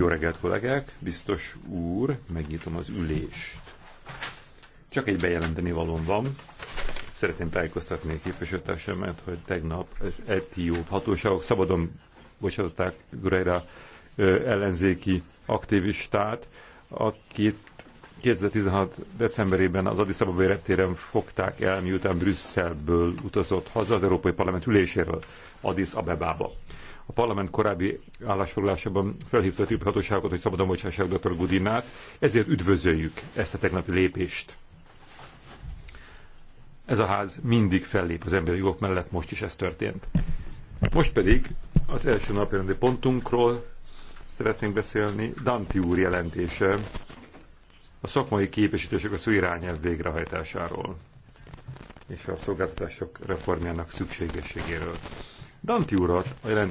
Jó reggelt, kollégák! Biztos úr, megnyitom az ülést. Csak egy bejelenteni valóm van. Szeretném tájékoztatni a képviselőtársamat, hogy tegnap az etióp hatóságok szabadon bocsátották Gureira ellenzéki aktivistát, akit 2016. decemberében az Addis Ababa reptéren fogták el, miután Brüsszelből utazott haza az Európai Parlament üléséről Addis Abebába. A parlament korábbi állásfoglalásában felhívta a többi hatóságot, hogy szabadon bocsássák dr. Gudinát, ezért üdvözöljük ezt a tegnapi lépést. Ez a ház mindig fellép az emberi jogok mellett, most is ez történt. Most pedig az első napi pontunkról szeretnénk beszélni, Danti úr jelentése a szakmai képesítések szó irányelv végrehajtásáról és a szolgáltatások reformjának szükségességéről. Danti urat a jelent